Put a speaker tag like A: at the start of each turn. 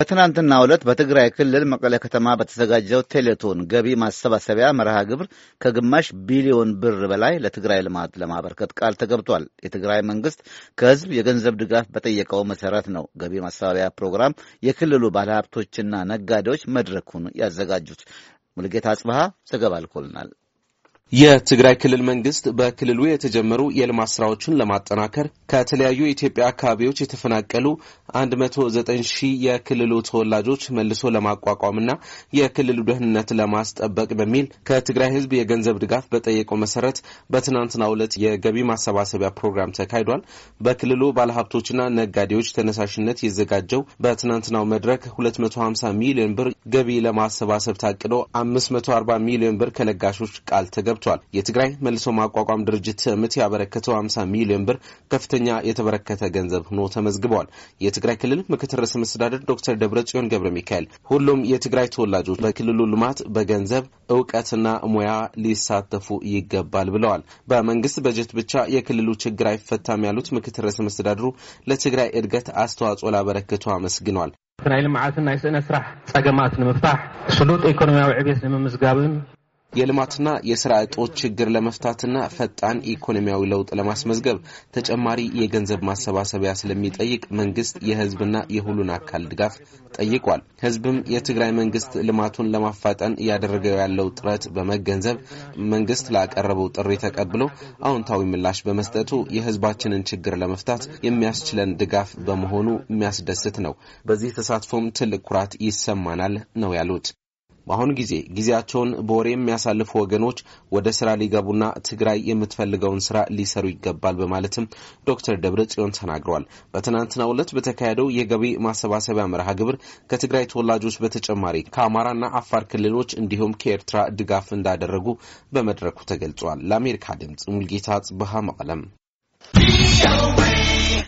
A: በትናንትና ዕለት በትግራይ ክልል መቀለ ከተማ በተዘጋጀው ቴሌቶን ገቢ ማሰባሰቢያ መርሃ ግብር ከግማሽ ቢሊዮን ብር በላይ ለትግራይ ልማት ለማበርከት ቃል ተገብቷል። የትግራይ መንግስት ከህዝብ የገንዘብ ድጋፍ በጠየቀው መሰረት ነው ገቢ ማሰባሰቢያ ፕሮግራም የክልሉ ባለሀብቶችና ነጋዴዎች መድረኩን ያዘጋጁት። ሙልጌታ አጽብሃ ዘገባ ልኮልናል።
B: የትግራይ ክልል መንግስት በክልሉ የተጀመሩ የልማት ስራዎችን ለማጠናከር ከተለያዩ የኢትዮጵያ አካባቢዎች የተፈናቀሉ 109 ሺህ የክልሉ ተወላጆች መልሶ ለማቋቋምና የክልሉ ደህንነት ለማስጠበቅ በሚል ከትግራይ ሕዝብ የገንዘብ ድጋፍ በጠየቀው መሰረት በትናንትናው ዕለት የገቢ ማሰባሰቢያ ፕሮግራም ተካሂዷል። በክልሉ ባለሀብቶችና ነጋዴዎች ተነሳሽነት የዘጋጀው በትናንትናው መድረክ 250 ሚሊዮን ብር ገቢ ለማሰባሰብ ታቅዶ 540 ሚሊዮን ብር ከለጋሾች ቃል ተገብ ገብቷል። የትግራይ መልሶ ማቋቋም ድርጅት ምት ያበረከተው 50 ሚሊዮን ብር ከፍተኛ የተበረከተ ገንዘብ ሆኖ ተመዝግበዋል። የትግራይ ክልል ምክትል ርዕሰ መስተዳደር ዶክተር ደብረጽዮን ገብረ ሚካኤል ሁሉም የትግራይ ተወላጆች በክልሉ ልማት በገንዘብ እውቀትና ሙያ ሊሳተፉ ይገባል ብለዋል። በመንግስት በጀት ብቻ የክልሉ ችግር አይፈታም ያሉት ምክትል ርዕሰ መስተዳድሩ ለትግራይ እድገት አስተዋጽኦ ላበረክቱ አመስግኗል። ናይ ልምዓትን ናይ ስእነ ስራሕ ጸገማት ንምፍታሕ ስሉጥ ኢኮኖሚያዊ ዕብየት ንምምዝጋብን የልማትና የስራ እጦት ችግር ለመፍታትና ፈጣን ኢኮኖሚያዊ ለውጥ ለማስመዝገብ ተጨማሪ የገንዘብ ማሰባሰቢያ ስለሚጠይቅ መንግስት የህዝብና የሁሉን አካል ድጋፍ ጠይቋል። ህዝብም የትግራይ መንግስት ልማቱን ለማፋጠን እያደረገው ያለው ጥረት በመገንዘብ መንግስት ላቀረበው ጥሪ ተቀብሎ አዎንታዊ ምላሽ በመስጠቱ የህዝባችንን ችግር ለመፍታት የሚያስችለን ድጋፍ በመሆኑ የሚያስደስት ነው። በዚህ ተሳትፎም ትልቅ ኩራት ይሰማናል ነው ያሉት። በአሁኑ ጊዜ ጊዜያቸውን በወሬ የሚያሳልፉ ወገኖች ወደ ስራ ሊገቡና ትግራይ የምትፈልገውን ስራ ሊሰሩ ይገባል በማለትም ዶክተር ደብረ ጽዮን ተናግረዋል። በትናንትናው ዕለት በተካሄደው የገቢ ማሰባሰቢያ መርሃ ግብር ከትግራይ ተወላጆች በተጨማሪ ከአማራና አፋር ክልሎች እንዲሁም ከኤርትራ ድጋፍ እንዳደረጉ በመድረኩ ተገልጿል። ለአሜሪካ ድምጽ ሙልጌታ ጽብሃ መቀለም